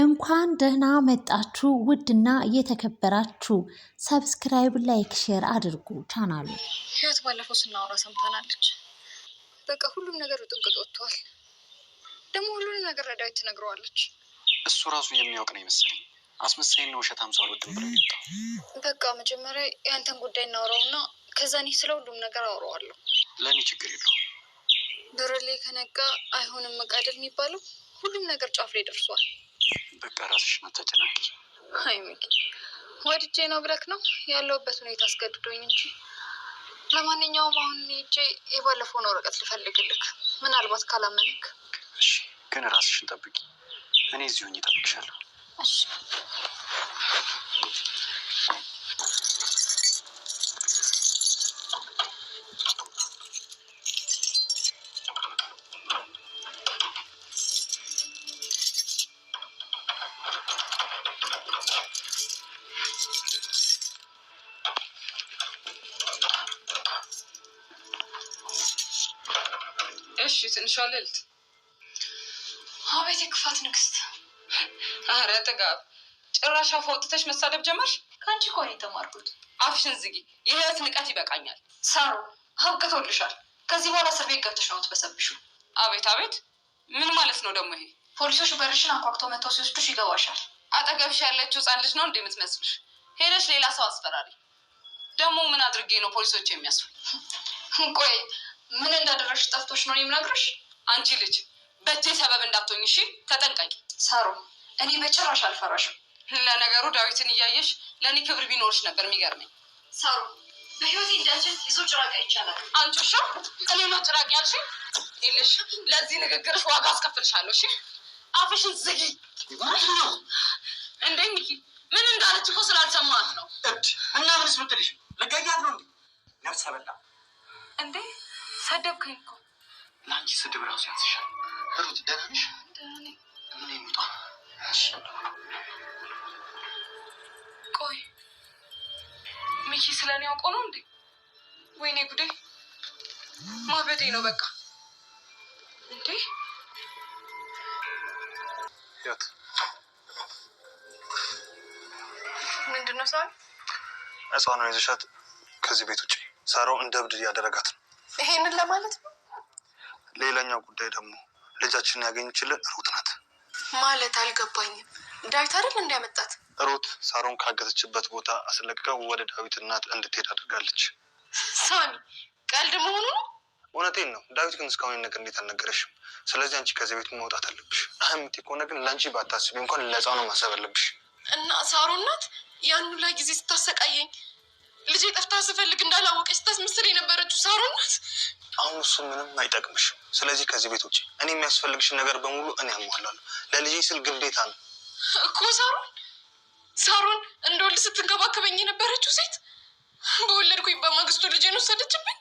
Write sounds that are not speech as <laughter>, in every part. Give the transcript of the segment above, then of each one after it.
እንኳን ደህና መጣችሁ ውድና እየተከበራችሁ ሰብስክራይብ፣ ላይክ፣ ሼር አድርጉ ቻናሉ። ህይወት ባለፈው ስናወራ ሰምታናለች። በቃ ሁሉም ነገር ውጥንቅጥ ወጥቷል። ደግሞ ሁሉንም ነገር ረዳዊት ትነግረዋለች። እሱ ራሱ የሚያውቅ ነው ይመስለኝ። አስመሳይና ውሸታም ሰው አልወድም ብሎ በቃ መጀመሪያ የአንተን ጉዳይ እናውረውና ከዛ እኔ ስለ ሁሉም ነገር አውረዋለሁ። ለእኔ ችግር የለው ብርሌ ከነጋ አይሆንም መቃደል የሚባለው ሁሉም ነገር ጫፍ ላይ ደርሷል። በቃ ራስሽ መተጨናቂ ሀይሚጌ ወድጄ ነው ብለክ ነው ያለውበት ሁኔታ አስገድዶኝ እንጂ። ለማንኛውም አሁን ሄጄ የባለፈውን ወረቀት ልፈልግልክ፣ ምናልባት ካላመንክ። እሺ፣ ግን ራስሽን ጠብቂ፣ እኔ እዚሁኝ እጠብቅሻለሁ። እሺ እሺ ትንሿ ልዕልት አቤት የክፋት ንግስት! አረ ጥጋብ! ጭራሽ አፍ አውጥተሽ መሳደብ ጀመርሽ። ከአንቺ እኮ ነው የተማርኩት። አፍሽን ዝጊ። የህይወት ንቀት ይበቃኛል። ሳሩ አብቅቶልሻል። ከዚህ በኋላ እስር ቤት ገብተሽ ነው የምትበሰብሺው። አቤት አቤት! ምን ማለት ነው ደግሞ ይሄ? ፖሊሶች በርሽን አንኳኩተው መጥተው ሲወስዱሽ ይገባሻል። አጠገብሽ ያለችው ህፃን ልጅ ነው እንዴ የምትመስልሽ። ሄደሽ ሌላ ሰው አስፈራሪ። ደግሞ ምን አድርጌ ነው ፖሊሶች የሚያስሩ? ቆይ ምን እንዳደረግሽ ጠፍቶች ነው የምነግርሽ። አንቺ ልጅ በእጄ ሰበብ እንዳትሆኝ እሺ፣ ተጠንቀቂ። ሳሩ፣ እኔ በጭራሽ አልፈራሽም። ለነገሩ ዳዊትን እያየሽ ለእኔ ክብር ቢኖርሽ ነበር የሚገርመኝ። ሳሩ፣ በህይወቴ እንዳንችን የሰው ጭራቅ ይቻላል። አንቺ ሾ እኔ ነው ጭራቅ ያልሽ? ይልሽ ለዚህ ንግግርሽ ዋጋ አስከፍልሻለሁ። እሺ፣ አፍሽን ዝጊ። እንደ ሚኪ ምን እንዳለች እኮ ስላልሰማት ነው። እብድ እና ምንስ ምትልሽ ልገያት ነው እንዴ? ነብሰ በላ እንዴ ሰደብከኝ እኮ። ለአንቺ ስድብ ራሱ ያንስሻል። ሩት ደህና ነሽ? ምን የሚጣ ቆይ ሚኪ ስለኔ ያውቆ ነው እንዴ? ወይኔ ጉዴ! ማበዴ ነው በቃ እንዴ ያት ምንድነው? ሳ እሷ ነው ይዘሻት ከዚህ ቤት ውጭ ሳራው እንደ እብድ እያደረጋት ነው። ይሄንን ለማለት ነው። ሌላኛው ጉዳይ ደግሞ ልጃችንን ያገኘችልን ሩት ናት። ማለት አልገባኝም። ዳዊት አይደል እንዲያመጣት? ሩት ሳሮን ካገተችበት ቦታ አስለቅቀ ወደ ዳዊት እናት እንድትሄድ አድርጋለች። ሳኒ ቀልድ መሆኑ ነው? እውነቴን ነው። ዳዊት ግን እስካሁን ነገር እንዴት አልነገረሽም? ስለዚህ አንቺ ከዚህ ቤት መውጣት አለብሽ። አህምቲ ከሆነ ግን ለአንቺ ባታስቢ እንኳን ለሕፃኑ ማሰብ አለብሽ። እና ሳሮ እናት ያን ሁላ ጊዜ ስታሰቃየኝ ልጅ ጠፍታ ስፈልግ እንዳላወቀች ስታስመስል የነበረችው ሳሮን ናት። አሁን እሱ ምንም አይጠቅምሽም። ስለዚህ ከዚህ ቤት ውጭ እኔ የሚያስፈልግሽን ነገር በሙሉ እኔ አሟላለሁ። ለልጄ ስል ግዴታ ነው እኮ ሳሮን ሳሮን እንደወልድ ስትንከባከበኝ የነበረችው ሴት በወለድኩኝ በማግስቱ ልጄን ወሰደችብኝ።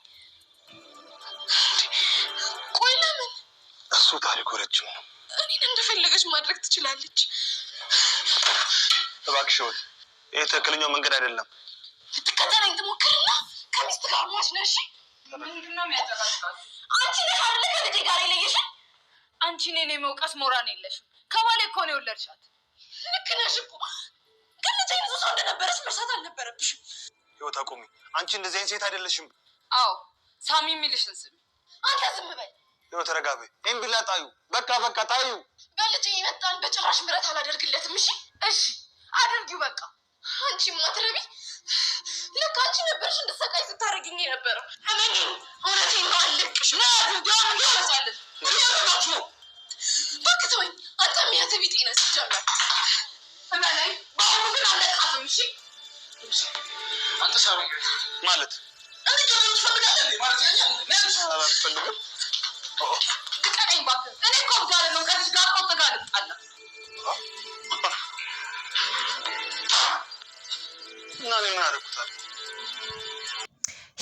ቆይ ለምን? እሱ ታሪኩ ረጅም ነው። እኔን እንደፈለገች ማድረግ ትችላለች። እባክሽ ይህ ትክክለኛው መንገድ አይደለም። ልትከተለኝ ትሞክርና ከሚስት ጋር ሟች ነሽ። አንቺ ነሽ አይደለ ከልጄ ጋር አንቺ እኔን የመውቀስ ሞራን የለሽም። ከባሌ እኮ ነው የወለድሻት። ልክ ነሽ እኮ ግን ልጄ ብዙ ሰው እንደነበረች መርሳት አልነበረብሽም። ህይወት አቁሚ። አንቺ እንደዚህ አይነት ሴት አይደለሽም። አዎ ሳሚ የሚልሽን ስሚ። አንተ ዝም በል። ተረጋቢ። ይህን ቢላ ጣዩ። በቃ በቃ ጣዩ። በልጅ ይመጣል። በጭራሽ ምረት አላደርግለትም። እሺ እኔ እኮ ከዚህ ጋር እና ምን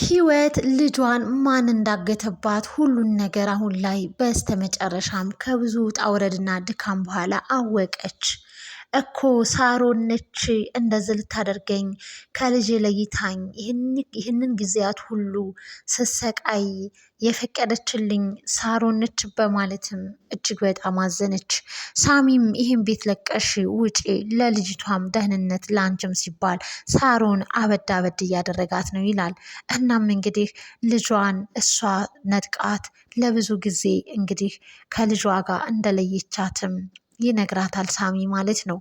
ህይወት ልጇን ማን እንዳገተባት ሁሉን ነገር አሁን ላይ በስተመጨረሻም ከብዙ ውጣ ውረድና ድካም በኋላ አወቀች። እኮ ሳሮን ነች እንደዚህ ልታደርገኝ ከልጄ ለይታኝ ይህንን ጊዜያት ሁሉ ስሰቃይ የፈቀደችልኝ ሳሮን ነች በማለትም እጅግ በጣም አዘነች። ሳሚም ይህን ቤት ለቀሽ ውጪ፣ ለልጅቷም ደህንነት ለአንቺም ሲባል ሳሮን አበድ አበድ እያደረጋት ነው ይላል። እናም እንግዲህ ልጇን እሷ ነጥቃት ለብዙ ጊዜ እንግዲህ ከልጇ ጋር እንደለየቻትም ይነግራታል ሳሚ ማለት ነው።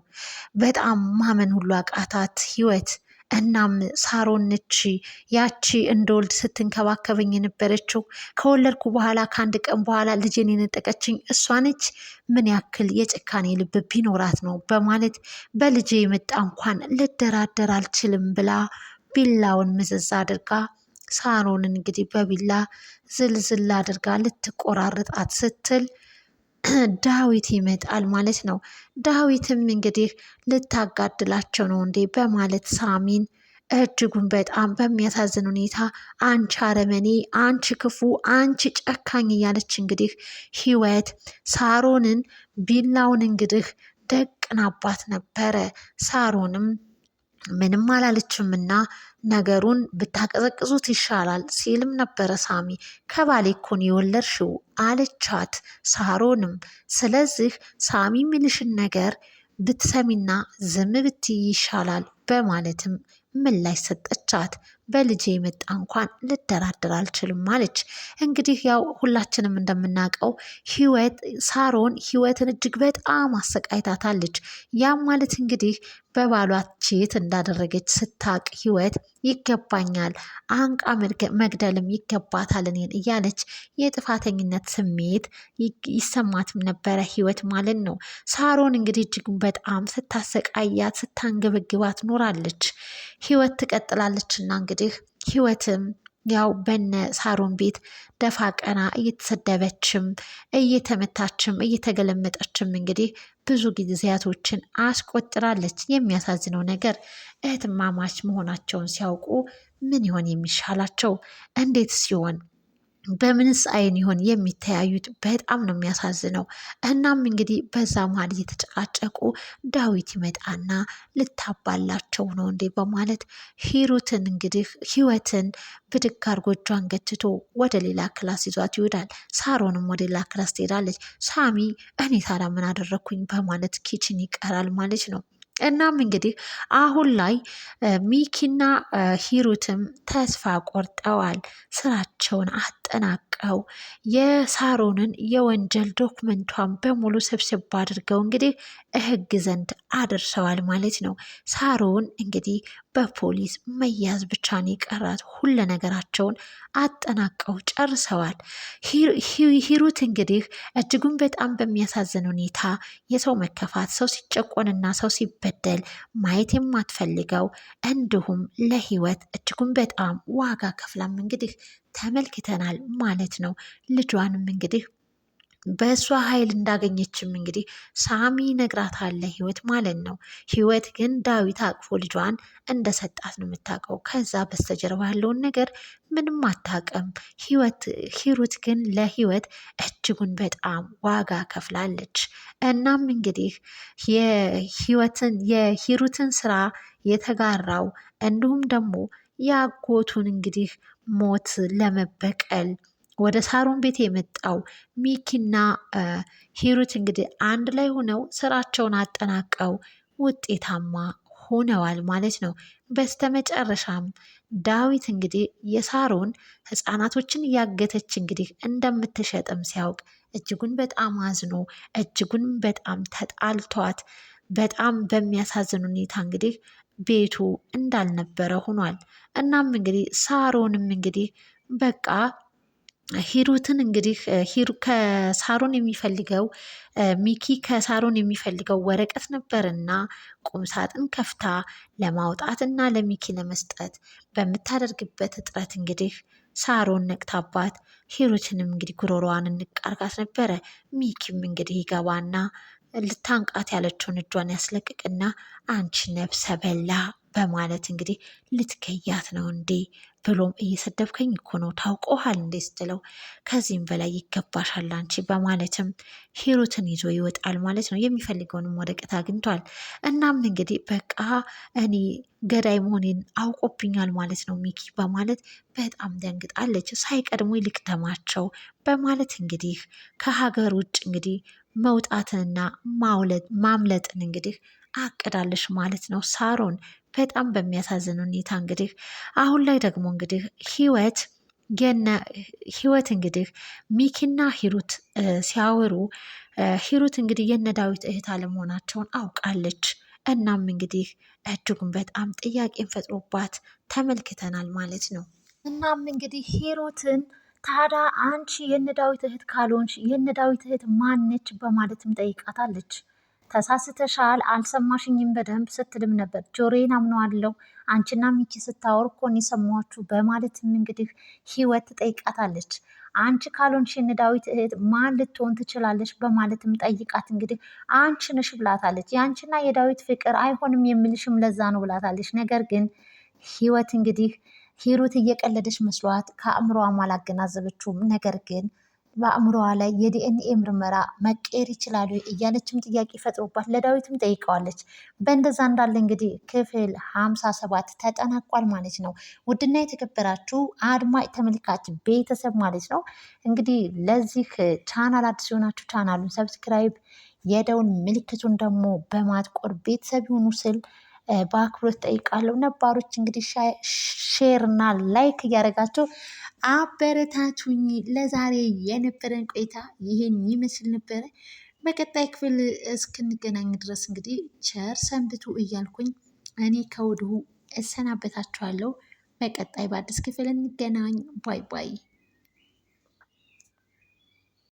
በጣም ማመን ሁሉ አቃታት ህይወት። እናም ሳሮነች ያቺ እንደወልድ ስትንከባከበኝ የነበረችው ከወለድኩ በኋላ ከአንድ ቀን በኋላ ልጄን የነጠቀችኝ እሷ ነች። ምን ያክል የጭካኔ ልብ ቢኖራት ነው በማለት በልጄ የመጣ እንኳን ልደራደር አልችልም ብላ ቢላውን ምዝዝ አድርጋ ሳሮንን እንግዲህ በቢላ ዝልዝል አድርጋ ልትቆራርጣት ስትል <clears throat> ዳዊት ይመጣል ማለት ነው። ዳዊትም እንግዲህ ልታጋድላቸው ነው እንዴ በማለት ሳሚን እጅጉን በጣም በሚያሳዝን ሁኔታ አንቺ አረመኔ፣ አንቺ ክፉ፣ አንቺ ጨካኝ እያለች እንግዲህ ህይወት ሳሮንን ቢላውን እንግዲህ ደቅናባት ነበረ። ሳሮንም ምንም አላለችም እና ነገሩን ብታቀዘቅዙት ይሻላል ሲልም ነበረ ሳሚ። ከባሌ እኮ ነው የወለድሽው አለቻት ሳሮንም። ስለዚህ ሳሚ የሚልሽን ነገር ብትሰሚና ዝም ብትይ ይሻላል በማለትም ምላሽ ሰጠቻት። በልጄ የመጣ እንኳን ልደራደር አልችልም አለች። እንግዲህ ያው ሁላችንም እንደምናውቀው ህይወት ሳሮን ህይወትን እጅግ በጣም አሰቃይታታለች። ያም ማለት እንግዲህ በባሏ እንዳደረገች ስታቅ ህይወት ይገባኛል፣ አንቃ መግደልም ይገባታል እኔን እያለች የጥፋተኝነት ስሜት ይሰማትም ነበረ ህይወት ማለት ነው። ሳሮን እንግዲህ እጅግ በጣም ስታሰቃያት ስታንገበግባት ኖራለች። ህይወት እና እንግዲህ እንግዲህ ህይወትም ያው በነ ሳሮን ቤት ደፋ ቀና እየተሰደበችም እየተመታችም እየተገለመጠችም እንግዲህ ብዙ ጊዜያቶችን አስቆጥራለች። የሚያሳዝነው ነገር እህትማማች መሆናቸውን ሲያውቁ ምን ይሆን የሚሻላቸው? እንዴት ሲሆን በምንስ አይን ይሆን የሚተያዩት? በጣም ነው የሚያሳዝነው። እናም እንግዲህ በዛ መሀል እየተጨቃጨቁ ዳዊት ይመጣና ልታባላቸው ነው እንዴ በማለት ሂሩትን እንግዲህ ህይወትን ብድግ አድርጎ እጇን ገትቶ ወደ ሌላ ክላስ ይዟት ይውዳል። ሳሮንም ወደ ሌላ ክላስ ትሄዳለች። ሳሚ እኔ ታዲያ ምን አደረግኩኝ በማለት ኪችን ይቀራል ማለት ነው። እናም እንግዲህ አሁን ላይ ሚኪና ሂሩትም ተስፋ ቆርጠዋል። ስራቸውን አጠናቀው የሳሮንን የወንጀል ዶክመንቷን በሙሉ ስብስብ አድርገው እንግዲህ እህግ ዘንድ አድርሰዋል ማለት ነው። ሳሮን እንግዲህ በፖሊስ መያዝ ብቻ ነው የቀራት። ሁለ ነገራቸውን አጠናቀው ጨርሰዋል። ሂሩት እንግዲህ እጅጉን በጣም በሚያሳዝን ሁኔታ የሰው መከፋት፣ ሰው ሲጨቆንና ሰው ሲበደል ማየት የማትፈልገው እንዲሁም ለህይወት እጅጉን በጣም ዋጋ ከፍላም እንግዲህ ተመልክተናል ማለት ነው። ልጇንም እንግዲህ በእሷ ኃይል እንዳገኘችም እንግዲህ ሳሚ አለ ህይወት ማለት ነው። ህይወት ግን ዳዊት አቅፎ ልጇን እንደሰጣት ነው የምታውቀው። ከዛ በስተጀርባ ያለውን ነገር ምንም አታውቅም። ህይወት ሂሩት ግን ለህይወት እጅጉን በጣም ዋጋ ከፍላለች። እናም እንግዲህ የህይወትን የሂሩትን ስራ የተጋራው እንዲሁም ደግሞ ያጎቱን እንግዲህ ሞት ለመበቀል ወደ ሳሮን ቤት የመጣው ሚኪና ሂሩት እንግዲህ አንድ ላይ ሆነው ስራቸውን አጠናቀው ውጤታማ ሆነዋል ማለት ነው። በስተመጨረሻም ዳዊት እንግዲህ የሳሮን ህፃናቶችን እያገተች እንግዲህ እንደምትሸጥም ሲያውቅ እጅጉን በጣም አዝኖ እጅጉን በጣም ተጣልቷት በጣም በሚያሳዝን ሁኔታ እንግዲህ ቤቱ እንዳልነበረ ሆኗል። እናም እንግዲህ ሳሮንም እንግዲህ በቃ ሂሩትን እንግዲህ ከሳሮን የሚፈልገው ሚኪ ከሳሮን የሚፈልገው ወረቀት ነበርና ቁምሳጥን ከፍታ ለማውጣት እና ለሚኪ ለመስጠት በምታደርግበት እጥረት እንግዲህ ሳሮን ነቅታባት ሂሩትንም እንግዲህ ጉሮሮዋን እንቃርጋት ነበረ። ሚኪም እንግዲህ ይገባና ልታንቃት ያለችውን እጇን ያስለቅቅና አንቺ ነብሰ በላ በማለት እንግዲህ ልትገያት ነው እንዴ ብሎም እየሰደብከኝ እኮ ነው ታውቀሃል እንዴ ስትለው ከዚህም በላይ ይገባሻል አንቺ በማለትም ሂሩትን ይዞ ይወጣል ማለት ነው። የሚፈልገውንም ወረቀት አግኝቷል። እናም እንግዲህ በቃ እኔ ገዳይ መሆኔን አውቆብኛል ማለት ነው ሚኪ በማለት በጣም ደንግጣለች። ሳይቀድሞ ይልክተማቸው በማለት እንግዲህ ከሀገር ውጭ እንግዲህ መውጣትንና ማምለጥን እንግዲህ አቅዳለሽ ማለት ነው ሳሮን። በጣም በሚያሳዝን ሁኔታ እንግዲህ አሁን ላይ ደግሞ እንግዲህ ህይወት ገነ ህይወት እንግዲህ ሚኪና ሂሩት ሲያወሩ ሂሩት እንግዲህ የነ ዳዊት እህት አለመሆናቸውን አውቃለች። እናም እንግዲህ እጅጉን በጣም ጥያቄን ፈጥሮባት ተመልክተናል ማለት ነው። እናም እንግዲህ ሂሩትን ታዲያ አንቺ የነ ዳዊት እህት ካልሆንሽ የነ ዳዊት እህት ማነች በማለትም ጠይቃታለች። ተሳስተሻል፣ አልሰማሽኝም በደንብ ስትልም ነበር። ጆሮዬን አምነዋለሁ አንቺና ሚኪ ስታወር እኮ ነው የሰማችሁ በማለትም እንግዲህ ህይወት ትጠይቃታለች። አንቺ ካልሆንሽ የነ ዳዊት እህት ማን ልትሆን ትችላለች? በማለትም ጠይቃት እንግዲህ አንቺ ነሽ ብላታለች። የአንቺና የዳዊት ፍቅር አይሆንም የምልሽም ለዛ ነው ብላታለች። ነገር ግን ህይወት እንግዲህ ሂሩት እየቀለደች መስሏት ከአእምሮዋም አላገናዘበችውም። ነገር ግን በአእምሮዋ ላይ የዲኤንኤ ምርመራ መቀየር ይችላሉ እያለችም ጥያቄ ፈጥሮባት ለዳዊትም ጠይቀዋለች። በእንደዛ እንዳለ እንግዲህ ክፍል ሀምሳ ሰባት ተጠናቋል ማለት ነው። ውድና የተከበራችሁ አድማጭ ተመልካች ቤተሰብ ማለት ነው እንግዲህ ለዚህ ቻናል አዲስ የሆናችሁ ቻናሉን ሰብስክራይብ፣ የደውን ምልክቱን ደግሞ በማጥቆር ቤተሰብ ይሁኑ ስል በአክብሮት ጠይቃለሁ። ነባሮች እንግዲህ ሼርና ላይክ እያደረጋቸው አበረታቱኝ። ለዛሬ የነበረን ቆይታ ይህን ይመስል ነበረ። በቀጣይ ክፍል እስክንገናኝ ድረስ እንግዲህ ቸር ሰንብቱ እያልኩኝ እኔ ከወዲሁ እሰናበታችኋለሁ። በቀጣይ በአዲስ ክፍል እንገናኝ። ባይ ባይ